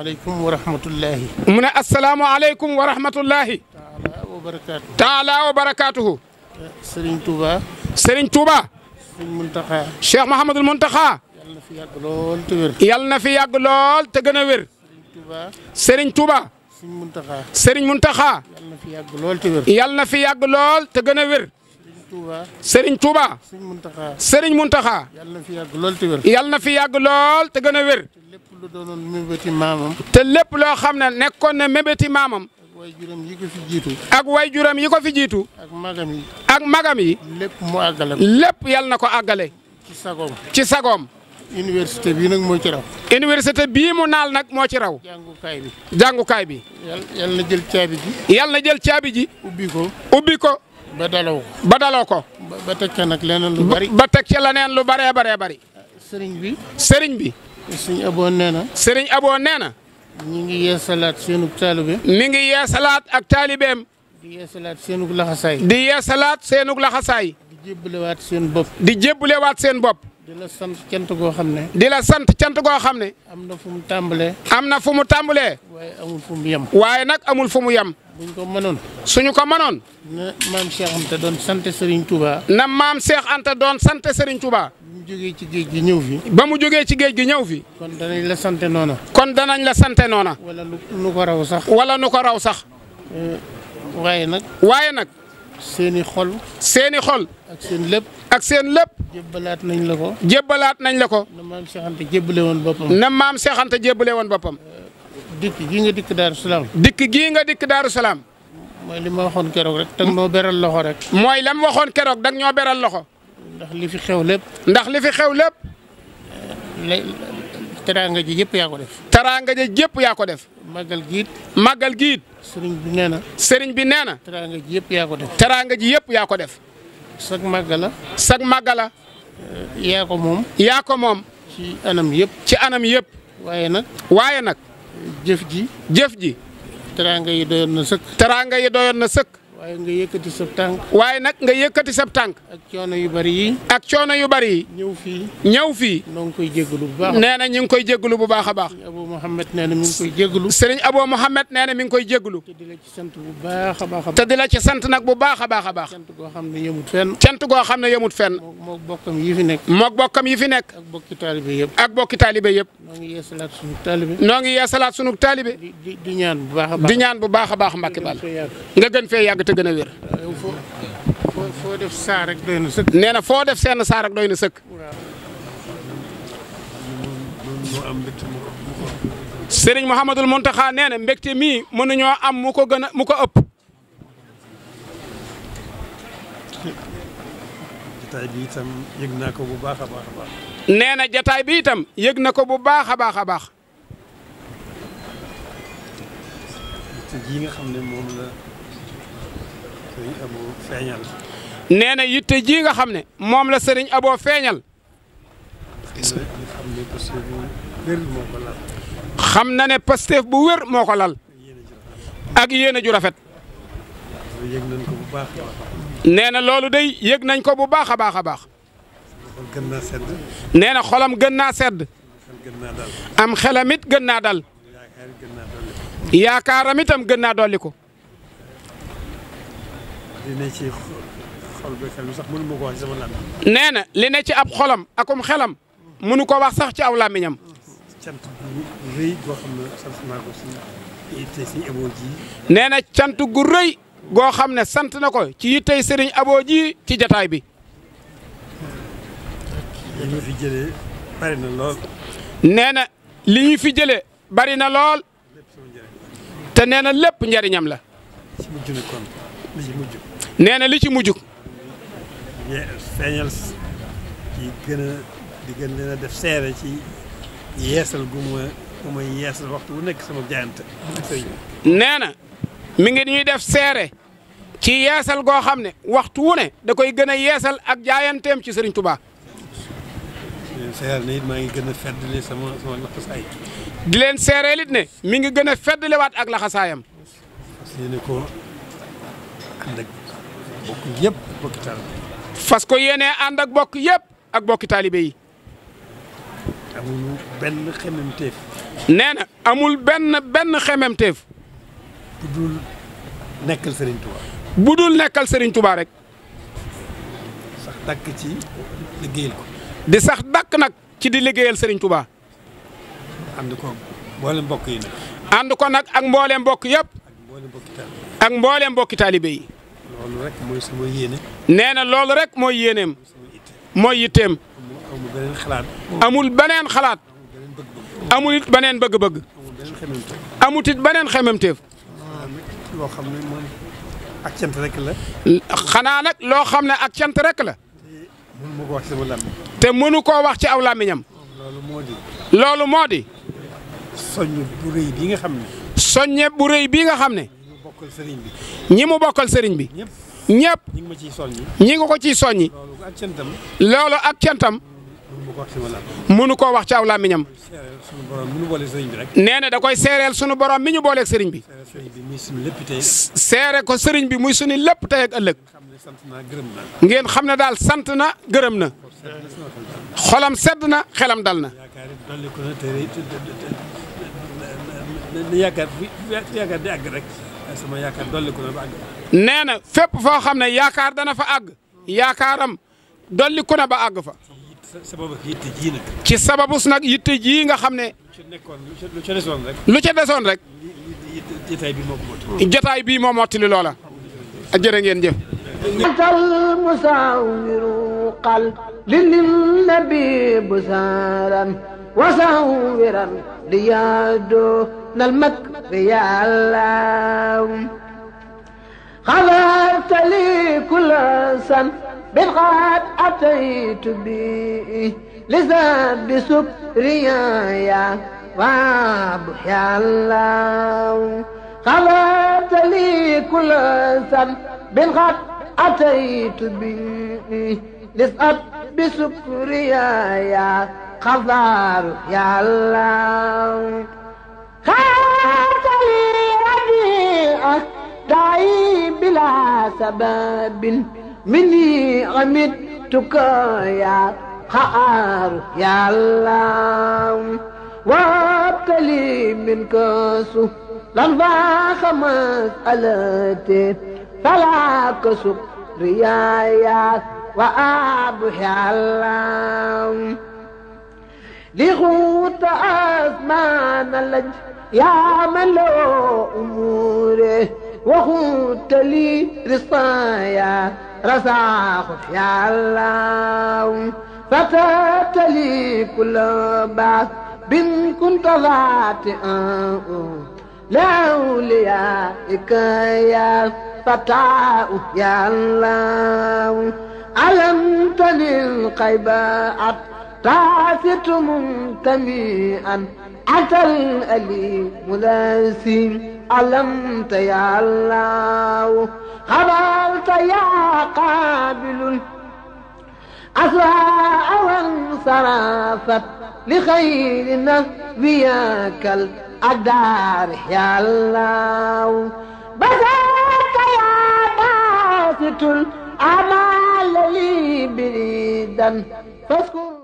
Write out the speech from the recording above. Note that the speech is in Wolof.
asalaamaaleykum wa rahmatullahi. mu ne asalaamaaleykum wa rahmatullahi. taala wa barakaatuhu. taala wa barakaatuhu. Serigne Touba. Serigne Touba. Serigne Mountakha. Cheikh Mouhamadul Mountakha. yal na fi yàgg lool te wér. yal na fi yàgg lool te gën a wér. Serigne Touba. Serigne Touba. Serigne Mountakha. Serigne Mountakha. yal na fi yàgg lool te wér. yal na fi yàgg lool te gën a wér. Touba. Serigne Touba. Serigne Mountakha. Serigne Mountakha. yàlla na fi yàgg lool te wér. yàlla na fi yàgg lool te gën a wér. te lépp lu doonoon mébéti maamam. te lépp loo xam ne nekkoon na mébéti maamam. ak way juram yi ko fi jiitu. ak way juram yi ko fi jiitu. ak magam yi. ak magam yi. lépp mu ko. lépp yàlla na ko àggale. ci sagoom ci sagoom. université bii nag moo ci raw. université bii mu naal nag moo ci raw. jàngukaay bi jàngukaay bi. yàlla na jël caabi jël caabi ji. ubbi ubbi ko. ba daloo ko. ba daloo ko. ba teg ca nag leneen lu bari. ba teg ca leneen lu baree baree bari. sëriñ bi. sëriñ bi. sëriñ aboo nee na. sëriñ aboo nee na. mi ngi yeesalaat seenug taalibe. mi ngi yeesalaat ak taalibeem. di yeesalaat seenug laxasaay. di yeesalaat seenug laxasaay. di jébbalewaat seen bopp. di jébbalewaat seen bopp. di la sant cant goo xam ne. di la sant cant goo xam ne. am na fu mu tàmbalee. am na fu mu tàmbalee. waaye amul fu mu yem. waaye nag amul fu mu yam buñ ko mënoon. suñu ko mënoon. na maam Cheikh Anta doon sant Serigne Touba. na maam Cheikh Anta doon sant Serigne Touba. ba mu jógee ci géej gi ñëw fi. ba mu jógee ci géej gi ñëw fi. kon danañ la sant noona. kon danañ la sant noona. wala nu ko raw sax. wala nu ko raw sax. Eh, waaye nag. waaye nag. seeni xol. seeni xol. ak seen lépp. ak seen lépp. jébbalaat nañ la ko. jébbalaat nañ la ko. na maam Cheikh Anta jébbale woon boppam. na maam Cheikh Anta jébbale woon boppam. Eh, dikk gii nga dikk Daaru Salaam. dikk gii nga dikk Daaru Salaam. mooy li ma waxoon keroog rek. dag noo beral loxo rek. mooy lam waxoon keroog dag ñoo beral loxo. ndax li fi xew lépp. ndax li fi xew lépp. Eh, teraanga ji yëpp yaa ko def. teraanga ji yaa ko def. màggal giit màggal giit sëriñ bi nee na sëriñ bi nee na teraanga ji yëpp yaa def teraanga ji yëpp yaako ko def sag màggala sag màggala eh, yaa moom yaa moom ci anam yëpp ci anam yëpp waaye nag waaye nag jëf ji jëf ji yi doyoon na sëkk waaye nga yëkkati sab tànk. waaye nag nga yëkkati sab tànk. ak coono yu bari yi. ak coono yu bari yi. ñëw fii. ñëw fii. noo ngi koy jégalu bu baax nee na ñu ngi koy jégalu bu baax a baax. sëriñ Abo Mouhamed nee na mi ngi koy jégalu. sëriñ Abo Mouhamed nee na mi ngi koy jégalu. te di la ci bu baax a baax la sant nag bu baax a baax a baax. cant goo xam ne yemut fenn. cant goo xam ne yemut fenn. moog bokkam yi fi nekk. moog bokkam yi fi nekk. ak bokki taalibe yëpp. ak taalibe yëpp. noo ngi yeesalaat sunu taalibe. noo ngi yeesalaat sunu taalibe. di ñaan bu baax a baax. di ñaan bu baax a baax Mbacke Bal nga gën fee te gën a wér. foo def saa rek doy na sëkk. nee na foo def seen saa doy na sëkk. sëriñ Mouhamadul Mountakha nee na mbégte mii mënuñoo am mu ko gën a mu ko ëpp. jataay bi itam ko bu baax a na jataay bi itam yëg na ko bu baax a baax a baax. nee na yitte ji nga xam ne moom la sëriñ Abo feeñal. xam na ne Pastef bu wér moo ko lal. ak yéene ju rafet. nee na loolu day yëg nañ ko bu baax a baax a baax. nee na xolam gën naa sedd. am xelam gën naa dal. yaakaaram gën naa dolli ko. li ne ci xol bi nee na li ne ci ab xolam akum xelam mënu ko wax sax ci aw làmmiñam. cant sant naa cant gu rëy goo xam ne sant na ko ci yittey sëriñ aboo ji ci jataay bi. li jëlee bari na li ñu fi jëlee bari na lool. te nee na lépp njariñam la. ci nee na li ci mujj. feeñal ci gën a di a def seere ci yeesal gu ma yeesal waxtu wu nekk sama jaayante. nee na mi ngi ñuy def seere ci yeesal goo xam ne waxtu wu ne da koy gën a yeesal ak jaayanteem ci sëriñ Touba. seere na it maa ngi gën a feddali sama sama laxasaay. di leen seereel it ne mi ngi gën a feddaliwaat ak laxasaayam. fas yéene ko bokk yëpp bokki ànd ak bokk yëpp ak bokki taalibe yi. amul nee na amul benn benn xememteef. budul nekkal Serigne Touba. budul nekkal Serigne rek. sax ci liggéeyal di sax dakk nag ci di liggéeyal Serigne tubaa ànd ko mboolem mbokk yi ànd ko nag ak mboolem mbokk yëpp. ak mboolem mbokki taalibe yi. loolu rek mooy sama yéene. nee na loolu rek mooy yéeneem. mooy yitteem. amul beneen xalaat. amul beneen beneen bëgg-bëgg. amut it beneen xememteef. loo xam ne moom ak cant rek la. xanaa nag loo xam ne ak cant rek la. mënu ko wax ci te mënu koo wax ci aw làmmiñam. loolu moo di. loolu moo di. soññe bu nga xam ne. bu rëy bii nga xam ne. ñi mu bokkal bi. ñi mu bokkal sëriñ bi. ñëpp ñi nga ko ciy soññi. loolu ak cantam. mënu koo wax ci aw làmmiñam. nee na da koy seereel sunu borom mi ñu booleeg sëriñ bi. seere ko sëriñ bi muy sunu lépp tey ak ëllëg. ngeen xam ne daal sant na gërëm na. xolam sedd na xelam dal na. yaakaar yaakaar di rek. sama yaakaar dolli ko na ba àgg. nee na fépp foo xam ne yaakaar dana fa àgg yaakaaram dolli ko na ba àgg fa. sababu yitte ji nag. ci sababus nag yitte ji nga xam ne. lu ca nekkoon lu ca desoon rek. lu ca desoon rek. jotaay bii moo ko mottali. jotaay bii moo mottali loola. jërë ngeen jëf. للنبي بسارا وساورا dal mag bi yàllaaw xalaat li kula san bit xaat ataytu bi lisaat bi sub riyaaya waab yàllaaw xalaat li kula san bit xaat ataytu bi lisaat bi sub riyaaya xabaar yàllaaw تعي بلا سبب مني عمدتك يا خار يا الله وابتلي منك سهلا فخمس ألتي فلا كسب ريايا وأبح الله لغوت أزمان اللج يا ملو أموره وخنت لي رصايا رزاق يا الله فتات لي كل بعث بن كنت ذاتئا لأوليائك يا فتاة يا الله علمتني القيبات تعثت منتميئا أتى الأليم لاسيم علمت يا الله خبرت يا قابل أسواء وانصرفت لخير نبياك الأقدار يا الله بسرت يا باسط الأمال لي بريدا فاذكر